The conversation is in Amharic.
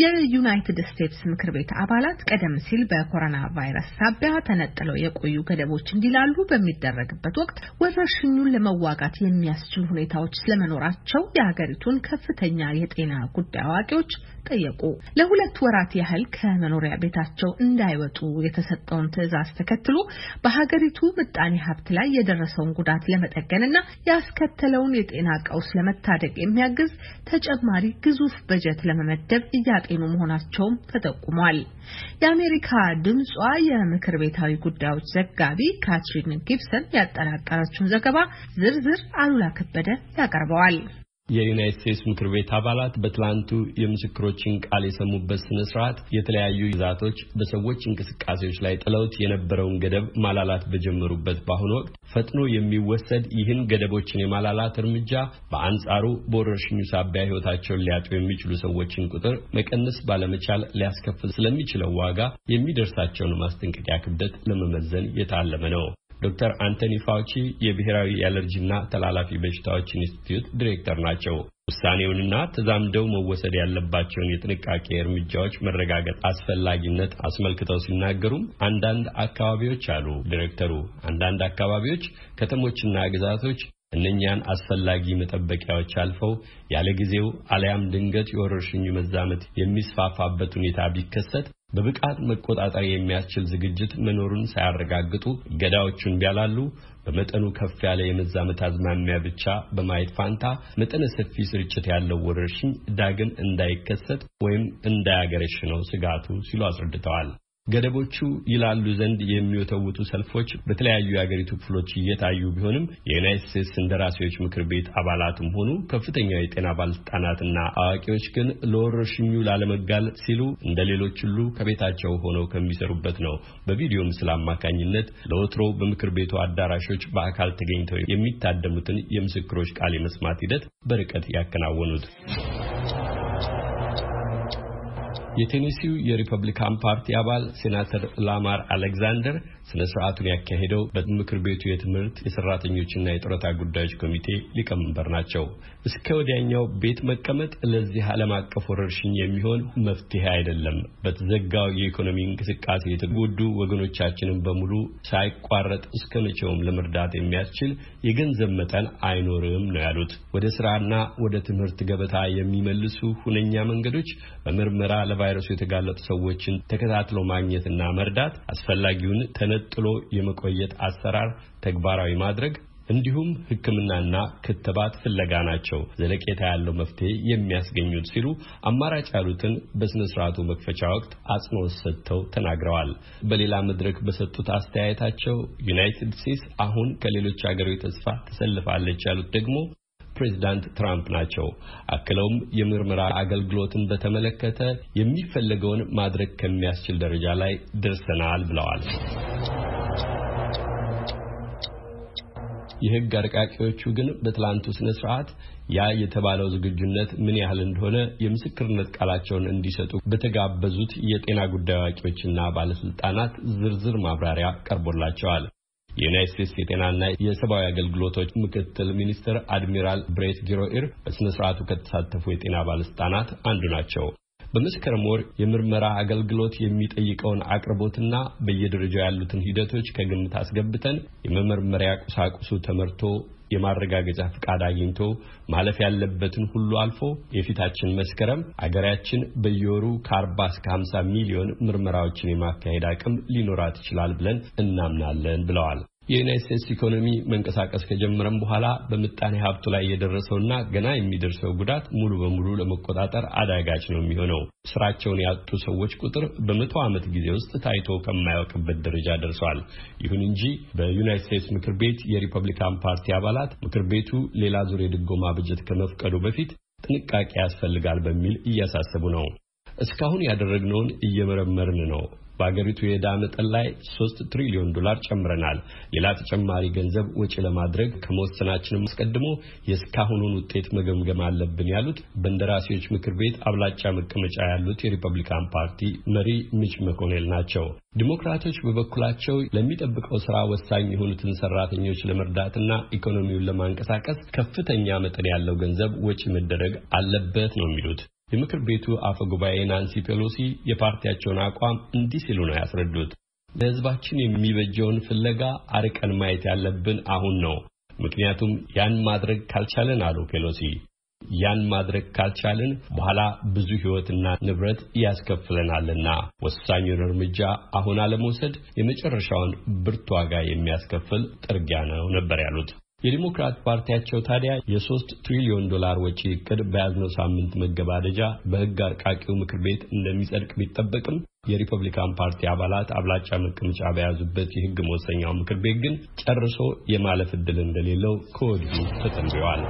የዩናይትድ ስቴትስ ምክር ቤት አባላት ቀደም ሲል በኮሮና ቫይረስ ሳቢያ ተነጥለው የቆዩ ገደቦች እንዲላሉ በሚደረግበት ወቅት ወረርሽኙን ለመዋጋት የሚያስችሉ ሁኔታዎች ስለመኖራቸው የሀገሪቱን ከፍተኛ የጤና ጉዳይ አዋቂዎች ጠየቁ። ለሁለት ወራት ያህል ከመኖሪያ ቤታቸው እንዳይወጡ የተሰጠውን ትዕዛዝ ተከትሎ በሀገሪቱ ምጣኔ ሀብት ላይ የደረሰውን ጉዳት ለመጠገንና ያስከተለውን የጤና ቀውስ ለመታደግ የሚያግዝ ተጨማሪ ግዙፍ በጀት ለመመደብ እያጤ እየተቀነቀኑ መሆናቸውም ተጠቁሟል። የአሜሪካ ድምጿ የምክር ቤታዊ ጉዳዮች ዘጋቢ ካትሪን ጊብሰን ያጠናቀረችውን ዘገባ ዝርዝር አሉላ ከበደ ያቀርበዋል። የዩናይት ስቴትስ ምክር ቤት አባላት በትላንቱ የምስክሮችን ቃል የሰሙበት ስነ ስርዓት የተለያዩ ግዛቶች በሰዎች እንቅስቃሴዎች ላይ ጥለውት የነበረውን ገደብ ማላላት በጀመሩበት በአሁኑ ወቅት ፈጥኖ የሚወሰድ ይህን ገደቦችን የማላላት እርምጃ በአንጻሩ በወረርሽኙ ሳቢያ ሕይወታቸውን ሊያጡ የሚችሉ ሰዎችን ቁጥር መቀነስ ባለመቻል ሊያስከፍል ስለሚችለው ዋጋ የሚደርሳቸውን ማስጠንቀቂያ ክብደት ለመመዘን የታለመ ነው። ዶክተር አንቶኒ ፋውቺ የብሔራዊ የአለርጂና ተላላፊ በሽታዎች ኢንስቲትዩት ዲሬክተር ናቸው። ውሳኔውንና ተዛምደው መወሰድ ያለባቸውን የጥንቃቄ እርምጃዎች መረጋገጥ አስፈላጊነት አስመልክተው ሲናገሩም አንዳንድ አካባቢዎች አሉ ዲሬክተሩ፣ አንዳንድ አካባቢዎች ከተሞችና ግዛቶች እነኛን አስፈላጊ መጠበቂያዎች አልፈው ያለ ጊዜው አለያም ድንገት የወረርሽኙ መዛመት የሚስፋፋበት ሁኔታ ቢከሰት በብቃት መቆጣጠር የሚያስችል ዝግጅት መኖሩን ሳያረጋግጡ ገዳዎቹን ቢያላሉ በመጠኑ ከፍ ያለ የመዛመት አዝማሚያ ብቻ በማየት ፋንታ መጠነ ሰፊ ስርጭት ያለው ወረርሽኝ ዳግም እንዳይከሰት ወይም እንዳያገረሽ ነው ስጋቱ ሲሉ አስረድተዋል። ገደቦቹ ይላሉ ዘንድ የሚወተውቱ ሰልፎች በተለያዩ የአገሪቱ ክፍሎች እየታዩ ቢሆንም የዩናይትድ ስቴትስ እንደራሴዎች ምክር ቤት አባላትም ሆኑ ከፍተኛ የጤና ባለስልጣናትና አዋቂዎች ግን ለወረርሽኙ ላለመጋለጥ ሲሉ እንደ ሌሎች ሁሉ ከቤታቸው ሆነው ከሚሰሩበት ነው በቪዲዮ ምስል አማካኝነት ለወትሮ በምክር ቤቱ አዳራሾች በአካል ተገኝተው የሚታደሙትን የምስክሮች ቃል የመስማት ሂደት በርቀት ያከናወኑት። የቴኔሲው የሪፐብሊካን ፓርቲ አባል ሴናተር ላማር አሌክዛንደር ስነ ስርዓቱን ያካሄደው በምክር ቤቱ የትምህርት የሰራተኞችና የጡረታ ጉዳዮች ኮሚቴ ሊቀመንበር ናቸው። እስከ ወዲያኛው ቤት መቀመጥ ለዚህ ዓለም አቀፍ ወረርሽኝ የሚሆን መፍትሄ አይደለም። በተዘጋው የኢኮኖሚ እንቅስቃሴ የተጎዱ ወገኖቻችንን በሙሉ ሳይቋረጥ እስከ መቼውም ለመርዳት የሚያስችል የገንዘብ መጠን አይኖርም ነው ያሉት። ወደ ስራና ወደ ትምህርት ገበታ የሚመልሱ ሁነኛ መንገዶች በምርመራ ለቫይረሱ የተጋለጡ ሰዎችን ተከታትሎ ማግኘትና መርዳት አስፈላጊውን ተነ ነጥሎ የመቆየት አሰራር ተግባራዊ ማድረግ እንዲሁም ሕክምናና ክትባት ፍለጋ ናቸው ዘለቄታ ያለው መፍትሄ የሚያስገኙት ሲሉ አማራጭ ያሉትን በሥነ ሥርዓቱ መክፈቻ ወቅት አጽንኦት ሰጥተው ተናግረዋል። በሌላ መድረክ በሰጡት አስተያየታቸው ዩናይትድ ስቴትስ አሁን ከሌሎች ሀገሮች ተስፋ ተሰልፋለች ያሉት ደግሞ ፕሬዚዳንት ትራምፕ ናቸው። አክለውም የምርመራ አገልግሎትን በተመለከተ የሚፈለገውን ማድረግ ከሚያስችል ደረጃ ላይ ደርሰናል ብለዋል። የህግ አርቃቂዎቹ ግን በትላንቱ ስነ ስርዓት ያ የተባለው ዝግጁነት ምን ያህል እንደሆነ የምስክርነት ቃላቸውን እንዲሰጡ በተጋበዙት የጤና ጉዳይ አዋቂዎችና ባለስልጣናት ዝርዝር ማብራሪያ ቀርቦላቸዋል። የዩናይት ስቴትስ የጤናና የሰብአዊ አገልግሎቶች ምክትል ሚኒስትር አድሚራል ብሬት ጊሮኢር በስነ ስርዓቱ ከተሳተፉ የጤና ባለስልጣናት አንዱ ናቸው። በመስከረም ወር የምርመራ አገልግሎት የሚጠይቀውን አቅርቦትና በየደረጃው ያሉትን ሂደቶች ከግምት አስገብተን የመመርመሪያ ቁሳቁሱ ተመርቶ የማረጋገጫ ፍቃድ አግኝቶ ማለፍ ያለበትን ሁሉ አልፎ የፊታችን መስከረም አገራችን በየወሩ ከ40 እስከ 50 ሚሊዮን ምርመራዎችን የማካሄድ አቅም ሊኖራት ይችላል ብለን እናምናለን ብለዋል። የዩናይት ስቴትስ ኢኮኖሚ መንቀሳቀስ ከጀመረም በኋላ በምጣኔ ሀብቱ ላይ የደረሰውና ገና የሚደርሰው ጉዳት ሙሉ በሙሉ ለመቆጣጠር አዳጋች ነው የሚሆነው። ስራቸውን ያጡ ሰዎች ቁጥር በመቶ ዓመት ጊዜ ውስጥ ታይቶ ከማያውቅበት ደረጃ ደርሷል። ይሁን እንጂ በዩናይት ስቴትስ ምክር ቤት የሪፐብሊካን ፓርቲ አባላት ምክር ቤቱ ሌላ ዙር የድጎማ በጀት ከመፍቀዱ በፊት ጥንቃቄ ያስፈልጋል በሚል እያሳሰቡ ነው። እስካሁን ያደረግነውን እየመረመርን ነው። በአገሪቱ የዕዳ መጠን ላይ ሶስት ትሪሊዮን ዶላር ጨምረናል። ሌላ ተጨማሪ ገንዘብ ወጪ ለማድረግ ከመወሰናችንም አስቀድሞ የእስካሁኑን ውጤት መገምገም አለብን ያሉት በእንደራሴዎች ምክር ቤት አብላጫ መቀመጫ ያሉት የሪፐብሊካን ፓርቲ መሪ ሚች መኮኔል ናቸው። ዲሞክራቶች በበኩላቸው ለሚጠብቀው ስራ ወሳኝ የሆኑትን ሰራተኞች ለመርዳትና ኢኮኖሚውን ለማንቀሳቀስ ከፍተኛ መጠን ያለው ገንዘብ ወጪ መደረግ አለበት ነው የሚሉት። የምክር ቤቱ አፈ ጉባኤ ናንሲ ፔሎሲ የፓርቲያቸውን አቋም እንዲህ ሲሉ ነው ያስረዱት። ለሕዝባችን የሚበጀውን ፍለጋ አርቀን ማየት ያለብን አሁን ነው። ምክንያቱም ያን ማድረግ ካልቻለን አሉ ፔሎሲ ያን ማድረግ ካልቻለን በኋላ ብዙ ሕይወትና ንብረት ያስከፍለናልና ወሳኙን እርምጃ አሁን አለመውሰድ የመጨረሻውን ብርቱ ዋጋ የሚያስከፍል ጥርጊያ ነው ነበር ያሉት። የዲሞክራት ፓርቲያቸው ታዲያ የሶስት ትሪሊዮን ዶላር ወጪ እቅድ በያዝነው ሳምንት መገባደጃ በሕግ አርቃቂው ምክር ቤት እንደሚጸድቅ ቢጠበቅም የሪፐብሊካን ፓርቲ አባላት አብላጫ መቀመጫ በያዙበት የሕግ መወሰኛው ምክር ቤት ግን ጨርሶ የማለፍ ዕድል እንደሌለው ከወዲሁ ተተንብዮአል።